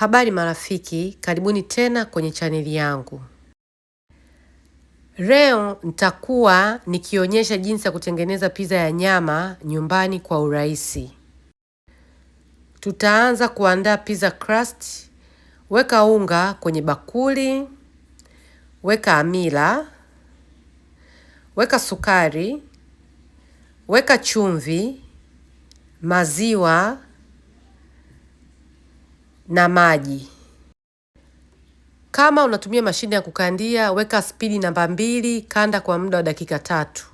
Habari marafiki, karibuni tena kwenye chaneli yangu. Leo nitakuwa nikionyesha jinsi ya kutengeneza pizza ya nyama nyumbani kwa urahisi. Tutaanza kuandaa pizza crust. Weka unga kwenye bakuli, weka amila, weka sukari, weka chumvi, maziwa na maji. Kama unatumia mashine ya kukandia, weka spidi namba mbili, kanda kwa muda wa dakika tatu.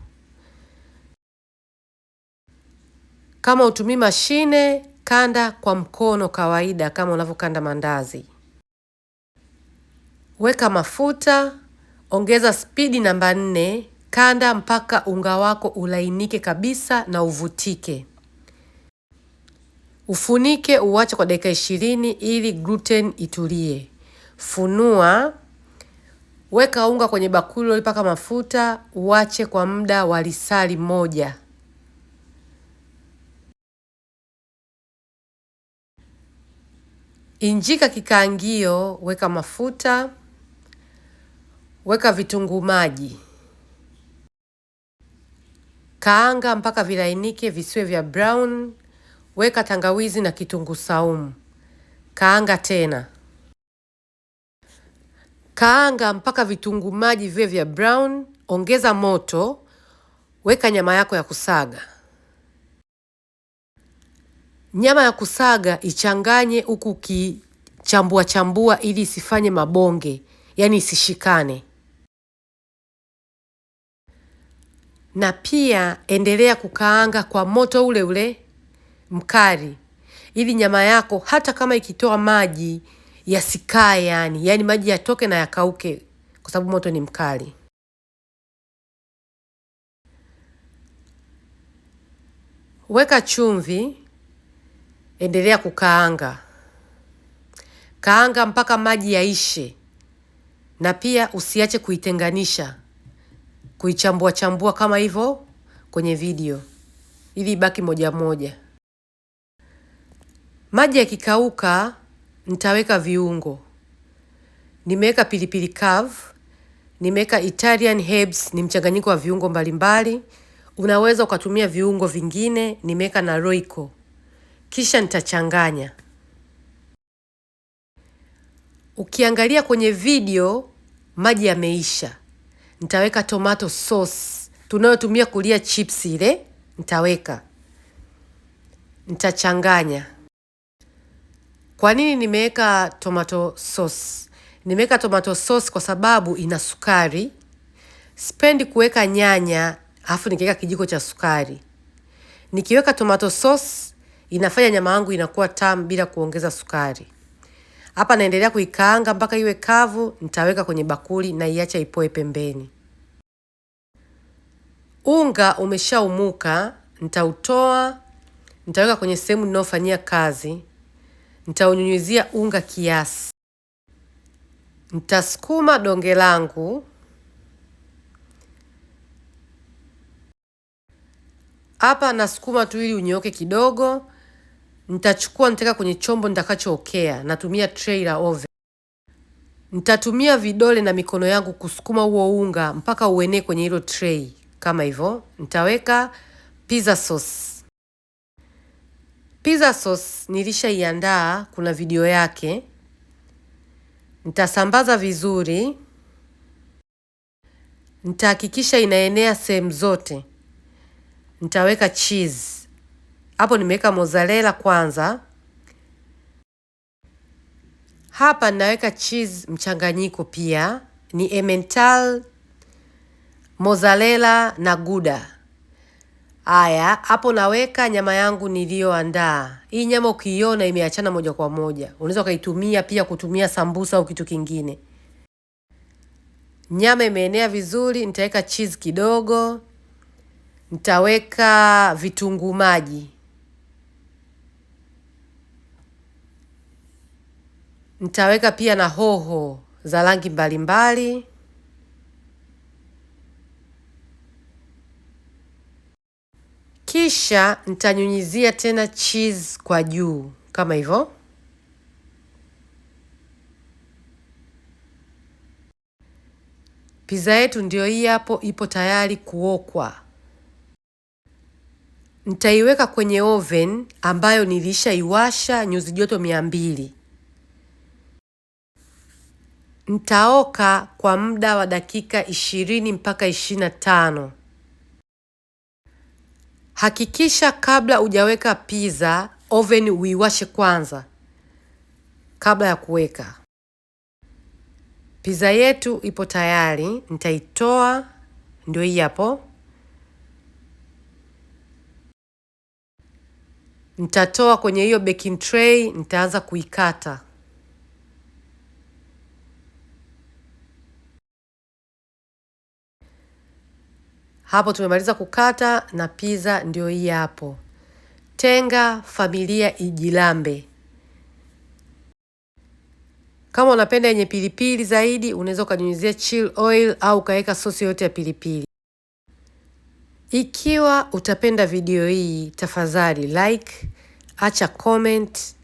Kama utumii mashine, kanda kwa mkono kawaida, kama unavyokanda mandazi. Weka mafuta, ongeza spidi namba nne, kanda mpaka unga wako ulainike kabisa na uvutike. Ufunike uwache kwa dakika ishirini ili gluten itulie. Funua, weka unga kwenye bakuli ulipaka mafuta, uwache kwa muda wa lisali moja. Injika kikaangio, weka mafuta, weka vitunguu maji, kaanga mpaka vilainike visiwe vya brown. Weka tangawizi na kitunguu saumu. Kaanga tena. Kaanga mpaka vitunguu maji viwe vya brown, ongeza moto, weka nyama yako ya kusaga. Nyama ya kusaga ichanganye huku ukichambua chambua ili isifanye mabonge, yaani isishikane. Na pia endelea kukaanga kwa moto ule ule mkari, ili nyama yako hata kama ikitoa maji yasikae, yani yani maji yatoke na yakauke, kwa sababu moto ni mkali. Weka chumvi, endelea kukaanga kaanga mpaka maji yaishe, na pia usiache kuitenganisha, kuichambua chambua kama hivyo kwenye video, ili ibaki moja moja. Maji yakikauka, nitaweka viungo. Nimeweka pilipili kavu, nimeweka Italian herbs, ni mchanganyiko wa viungo mbalimbali. Unaweza ukatumia viungo vingine, nimeweka na Royco. Kisha nitachanganya. Ukiangalia kwenye video maji yameisha. Nitaweka tomato sauce tunayotumia kulia chips ile, nitaweka, nitachanganya. Kwa nini nimeweka tomato sauce? Nimeweka tomato sauce kwa sababu ina sukari. Sipendi kuweka nyanya afu nikiweka kijiko cha sukari. Nikiweka tomato sauce inafanya nyama yangu inakuwa tamu bila kuongeza sukari. Hapa naendelea kuikaanga mpaka iwe kavu, nitaweka kwenye bakuli na iacha ipoe pembeni. Unga umeshaumuka, nitautoa, nitaweka kwenye sehemu ninayofanyia kazi. Nitaunyunyizia unga kiasi. Nitasukuma donge langu hapa, nasukuma tu ili unyoke kidogo. Nitachukua nitaweka kwenye chombo nitakachookea. Natumia tray la oven. Nitatumia vidole na mikono yangu kusukuma huo unga mpaka uenee kwenye hilo tray. Kama hivyo, nitaweka pizza sauce. Pizza sauce nilishaiandaa, kuna video yake. Nitasambaza vizuri, nitahakikisha inaenea sehemu zote. Nitaweka cheese hapo, nimeweka mozzarella kwanza. Hapa ninaweka cheese mchanganyiko, pia ni emmental, mozzarella na gouda. Haya, hapo naweka nyama yangu niliyoandaa. Hii nyama ukiiona imeachana moja kwa moja, unaweza ukaitumia pia kutumia sambusa au kitu kingine. Nyama imeenea vizuri, nitaweka cheese kidogo, nitaweka vitunguu maji, nitaweka pia na hoho za rangi mbalimbali. kisha nitanyunyizia tena cheese kwa juu kama hivyo. Pizza yetu ndio hii hapo, ipo tayari kuokwa. Nitaiweka kwenye oven ambayo nilishaiwasha nyuzi joto mia mbili. Nitaoka kwa muda wa dakika ishirini mpaka ishirini na tano. Hakikisha kabla hujaweka pizza oven uiwashe kwanza kabla ya kuweka. Pizza yetu ipo tayari, nitaitoa. Ndio hii hapo, nitatoa kwenye hiyo baking tray, nitaanza kuikata. Hapo tumemaliza kukata na pizza ndio hii hapo. Tenga familia ijilambe. Kama unapenda yenye pilipili zaidi, unaweza ukanyunyizia chill oil au ukaweka sosi yote ya pilipili. Ikiwa utapenda video hii, tafadhali like, acha comment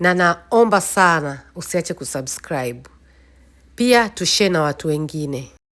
na naomba sana usiache kusubscribe, pia tushare na watu wengine.